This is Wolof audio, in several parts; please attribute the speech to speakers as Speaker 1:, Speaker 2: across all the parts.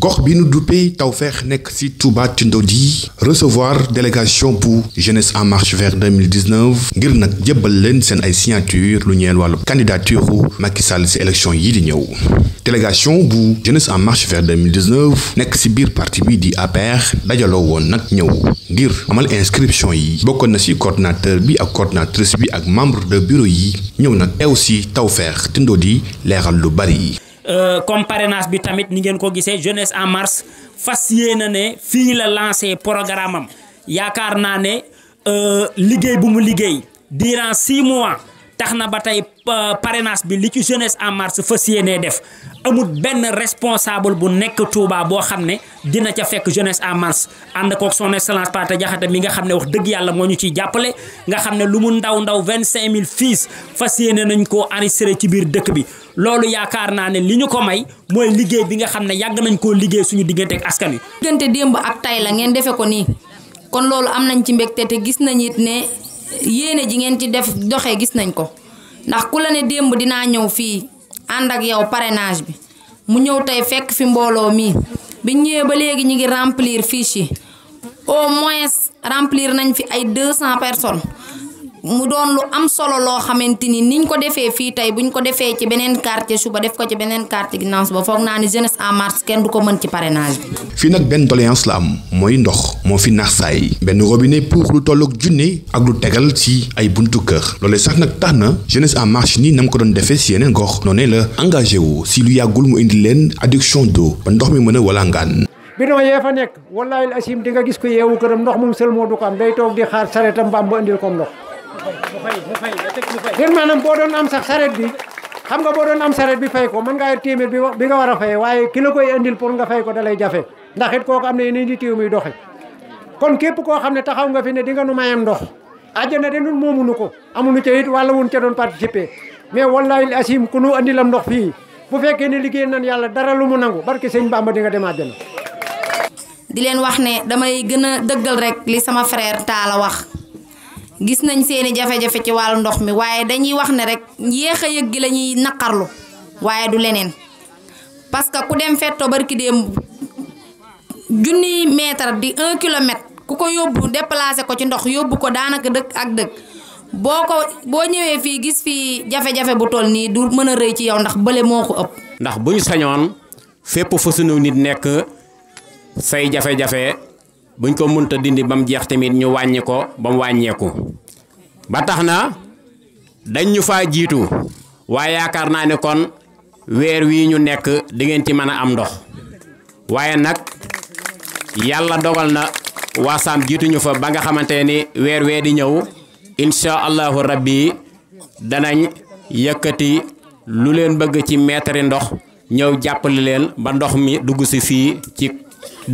Speaker 1: gox bi nu duppee Tawfekh nekk ci Touba Tindodi recevoir délégation bu jeunesse en marche vers 2019 ngir nag jébbal leen seen ay signature lu ñeel wàllu candidature Macky Sall ci élection yi di ñëw délégation bu jeunesse en marche vers 2019 nekk ci biir parti bi di APR dajaloo woon nag ñëw ngir amal inscription yi bokkoon na ci coordinateur bi ak coordinatrice bi ak membre de bureau yi ñëw nag teew ci Tawfekh Tindodi leeral lu bari.
Speaker 2: Euh, comme parrainage bi tamit ni ngeen ko gisee jeunesse en marche fas yéene ne fii la lancé programme am yaakaar naa ne euh, liggéey bu mu liggéey durant six mois. tax na ba tey euh, parrainage bi li ci jeunesse en marche fas yéenee def amul benn responsable bu nekk Touba boo xam ne dina ca fekk jeunesse en marche ànd kook son excellence Pate Diakhaté mi nga xam ne wax dëgg yàlla moo ñu ciy jàppale nga xam ne lu mu ndaw ndaw vingt cinq mille fils fas yéene nañ koo enregistré ci biir dëkk bi loolu yaakaar naa ne li ñu ko may mooy liggéey bi nga xam ne yàgg nañ koo liggéey suñu diggante ak askan wi.
Speaker 3: diggante démb ak tay la ngeen defee ko gis nañ it yéene ji ngeen ci def doxee gis nañ ko ndax ku la ne démb dinaa ñëw fii ànd ak yow parrainage bi mu ñëw tey fekk fi mbooloo mi biñ ñëwee ba léegi ñu ngi remplir fiche yi au moins remplir nañ fi ay 200 personnes. mu doon lu am solo loo xamante ni niñ ko defee fii tey buñ ko defee ci beneen quartier suba def ko ci beneen quartier ginnaaw suba foog naa ni jeunesse en marche kenn du ko mën ci parrainage bi.
Speaker 1: fii nag benn doléance la am mooy ndox moo fi naax saa yi benn robinet pour lu tolloog junne ak lu tegal ci ay buntu kër loolee sax nag tax na jeunesse en marche nii nam ko doon defee si yeneen gox noonee la engagé wu si lu yàggul mu indi leen adduction d'eau ba ndox mi mën a wala ngaan.
Speaker 4: bidon yee fa nekk wallaahi asim di nga déet maanaam boo doon am sax saret bi xam nga boo doon am saret bi fay ko mën ngaa yor téeméer bi nga war a fay waaye ki la koy indil pour nga fay ko dalay jafe ndax koo kooku am na yeneen yitte yu muy doxe kon képp koo xam ne taxaw nga fi ne di nga nu mayam ndox àjjana de nun moomunu ko amunu ca it wala wun ca doon participer mais wallahi asim ku nu andilam ndox fii
Speaker 3: bu fekkee ne liggéey nan yàlla dara lu mu nangu barke sëñ Bamba di nga dem àjjana di leen wax ne damay gën a dëggal rek li sama frère Talla wax gis nañ seeni jafe-jafe ci wàll ndox mi waaye dañuy wax ne rek yéex a yëg gi la ñuy naqarlu waaye du leneen parce que ku dem fetto barki démb junniy mètre di un kilomètre ku ko yóbbu déplacé ko ci ndox yóbbu ko daanaka dëkk ak dëkk boo ko boo ñëwee fii gis fii jafe-jafe bu toll nii du mën a rëy ci yow ndax bële moo ko ëpp.
Speaker 4: ndax bu ñu sañoon fépp fa sunu nit nekk say jafe-jafe. buñ ko munta dindi ba mu jeex tamit ñu wàññi ko ba mu wàññeeku ba tax na dañ fa faa jiitu waaye yaakaar naa ne kon weer wii ñu nekk di ngeen ci mën a am ndox waaye nag yàlla dogal na waa jiituñu fa ba nga xamante ni weer wee di ñëw incha allahu rabbi danañ yëkkati lu leen bëgg ci mètre ndox ñëw jàppale leen ba ndox mi dugg si fii ci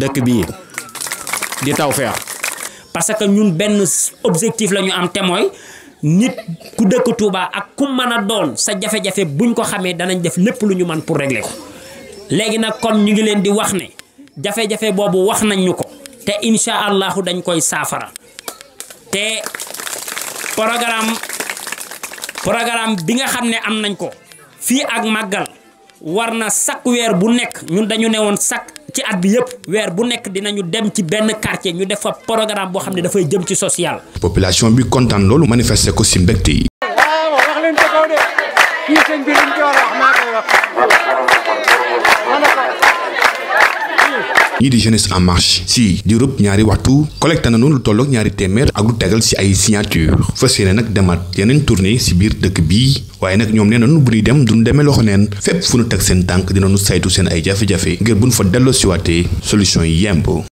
Speaker 4: dëkk bii
Speaker 2: di taw tawféex parce que ñun benn objectif la ñu am te mooy nit ku dëkk Touba ak ku mën a doon sa jafe-jafe buñ ko xamee danañ def lépp lu ñu man pour régler ko léegi nag kon ñu ngi leen di wax ne jafe-jafe boobu wax nañ ñu ko te incha allahu dañ koy saafara te programme programme bi nga xam ne am nañ ko fii ak màggal war na chaque weer bu nekk ñun dañu ne woon chaque ci at bi yëpp weer bu nekk dinañu dem ci benn quartier ñu def fa programme boo xam ne dafay jëm ci social.
Speaker 1: population bi kontaan loolu manifester ko si mbégte yi.
Speaker 2: waaw wax a
Speaker 1: ñii di jeunesse en marche si di rëb ñaari waxtu collecté nañu lu tolloog ñaari téeméer ak lu tegal si ay signature fas yéene nag demaat yeneen tournée si biir dëkk bii waaye nag ñoom nee nañu bu ñuy dem duñu demee loxo neen fépp fu ñu teg seen dina nu saytu seen ay jafe-jafe ngir buñ fa delloo siwaatee solution yi yemb